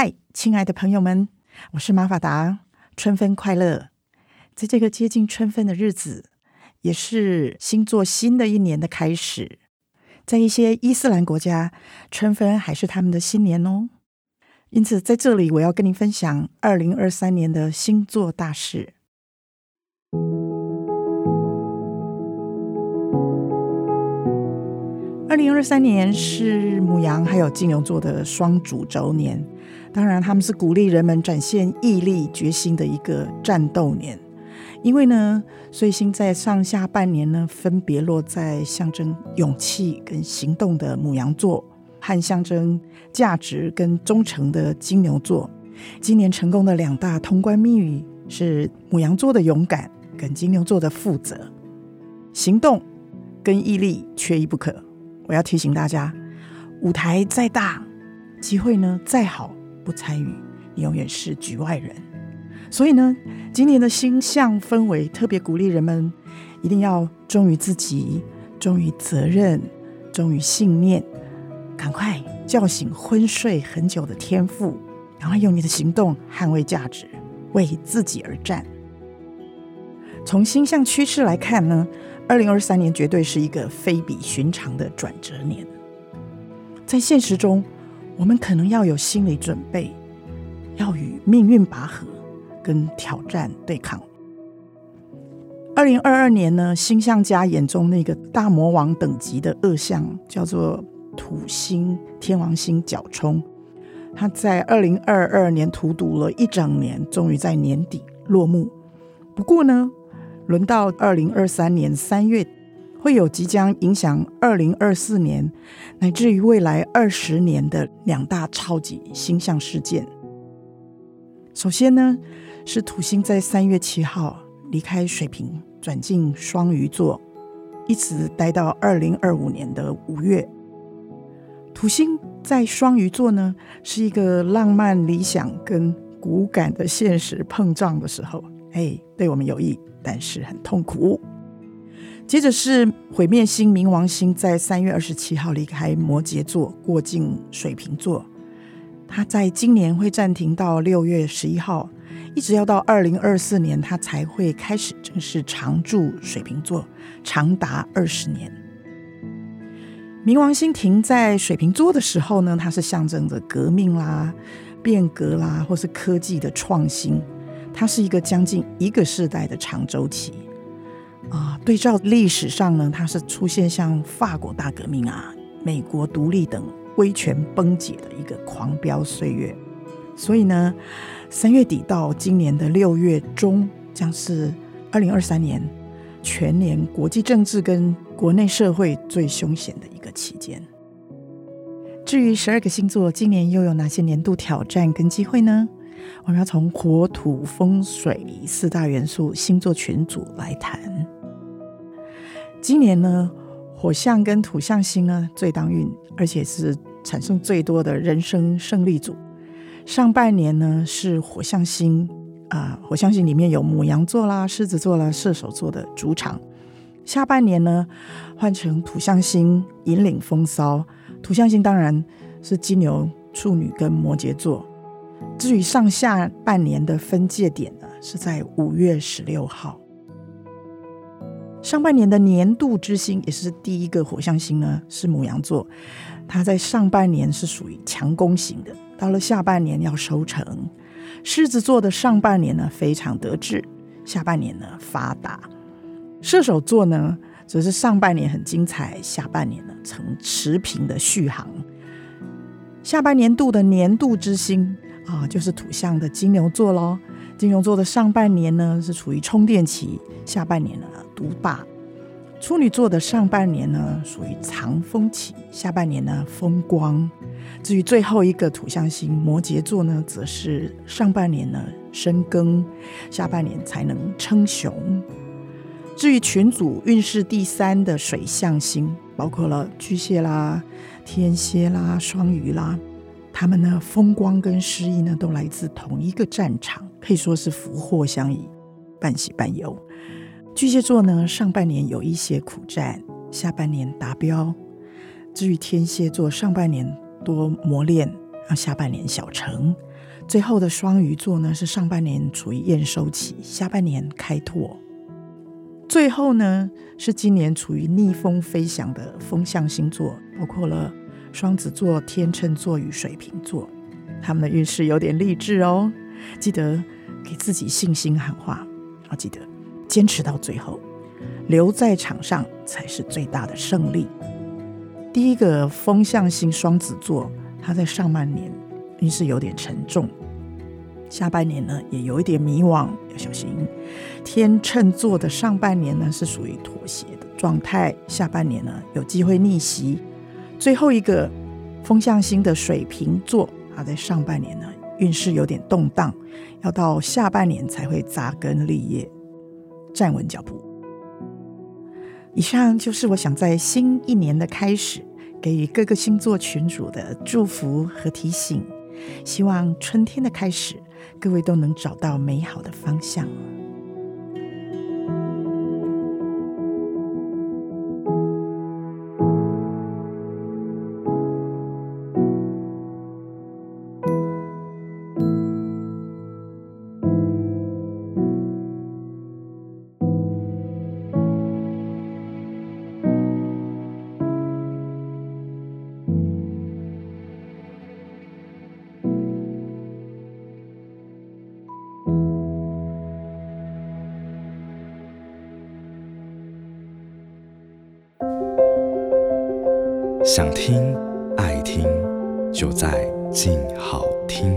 嗨，Hi, 親愛的朋友們，我是瑪法達。春分快樂！在這個接近春分的日子，也是星座新的一年的開始。在一些伊斯蘭國家，春分還是他們的新年哦。因此，在這裡我要跟您分享2023年的星座大事。二零二三年是牡羊還有金牛座的雙主軸年，當然他們是鼓勵人們展現毅力決心的一個戰鬥年。因為呢，歲星在上下半年呢分別落在象徵勇氣跟行動的牡羊座，和象徵價值跟忠誠的金牛座。今年成功的兩大通關密語是牡羊座的勇敢跟金牛座的負責，行動跟毅力缺一不可。我要提醒大家，舞台再大，機會呢再好，不參與，你永遠是局外人。所以呢，今年的星象氛圍特別鼓勵人們，一定要忠於自己，忠於責任，忠於信念。趕快叫醒昏睡很久的天賦，趕快用你的行動捍衛價值，為自己而戰。從星象趨勢來看呢，二零二三年絕對是一個非比尋常的轉折年。在現實中，我們可能要有心理準備，要與命運拔河，跟挑戰對抗。二零二二年呢，星象家眼中那個大魔王等級的惡相叫做土星、天王星角沖，他在二零二二年荼毒了一整年，終於在年底落幕。不過呢，輪到二零二三年三月，會有即將影響二零二四年，乃至於未來二十年的兩大超級星象事件。首先呢，是土星在三月七號離開水瓶，轉進雙魚座，一直待到二零二五年的五月。土星在雙魚座呢，是一個浪漫理想跟骨感的現實碰撞的時候。哎，hey, 對我們有益，但是很痛苦。接着是毀滅星冥王星，在三月二十七號離開摩羯座，過境水瓶座。它在今年會暫停到六月十一號，一直要到二零二四年，它才會開始正式常駐水瓶座，長達二十年。冥王星停在水瓶座的時候呢，它是象徵着革命啦、變革啦，或是科技的創新。它是一個將近一個世代的長週期，啊、呃，對照歷史上呢，它是出現像法國大革命啊、美國獨立等威權崩解的一個狂飆歲月。所以呢，三月底到今年的六月中，將是二零二三年全年國際政治跟國內社會最兇險的一個期間。至於十二個星座今年又有哪些年度挑戰跟機會呢？我們要從火土風水四大元素星座群組來談。今年呢，火象跟土象星呢最當運，而且是產生最多的人生勝利組。上半年呢是火象星啊，火象星裡面有牡羊座啦、獅子座啦、射手座的主場。下半年呢換成土象星引領風騷，土象星當然是金牛、處女跟摩羯座。至於上下半年的分界點呢，是在五月十六號。上半年的年度之星也是第一個火象星呢，是牡羊座，它在上半年是屬於強攻型的，到了下半年要收成。獅子座的上半年呢非常得志，下半年呢發達。射手座呢則是上半年很精彩，下半年呢呈持平的續航。下半年度的年度之星，啊，就是土象的金牛座嘍。金牛座的上半年呢是處於充電期，下半年呢獨霸。處女座的上半年呢屬於藏風期，下半年呢風光。至於最後一個土象星摩羯座呢，則是上半年呢深耕，下半年才能稱雄。至於群組運勢第三的水象星，包括了巨蟹啦、天蠍啦、雙魚啦。他們呢，風光跟失意呢，都來自同一個戰場，可以說是福禍相依，半喜半憂。巨蟹座呢，上半年有一些苦戰，下半年達標；至於天蠍座，上半年多磨練，下半年小成。最後的雙魚座呢，是上半年處於驗收期，下半年開拓。最後呢，是今年處於逆風飛翔的風象星座，包括了。雙子座、天秤座與水瓶座，他們的運勢有點勵志哦。記得給自己信心喊話，好，啊，記得堅持到最後，留在場上才是最大的勝利。第一個風象星雙子座，他在上半年運勢有點沉重，下半年呢也有一點迷惘，要小心。天秤座的上半年呢是屬於妥協的狀態，下半年呢有機會逆襲。最後一個風象星的水瓶座啊，在上半年呢運勢有點動盪，要到下半年才會扎根立業，站穩腳步。以上就是我想在新一年的開始給予各個星座群主的祝福和提醒，希望春天的開始，各位都能找到美好的方向。想聽，愛聽，就在靜好聽。